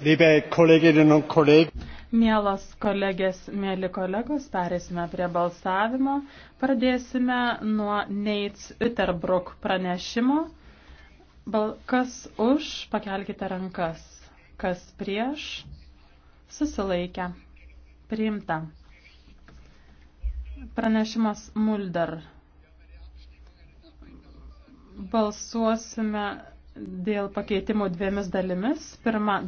Mielas kolegės, mėly kolegos, perėsime prie balsavimo. Pradėsime nuo Neits Uterbrook pranešimo. Bal kas už, pakelkite rankas. Kas prieš, susilaikę. Priimta. Pranešimas Mulder. Balsuosime dėl pakeitimų dviemis dalimis. Pirma dalis.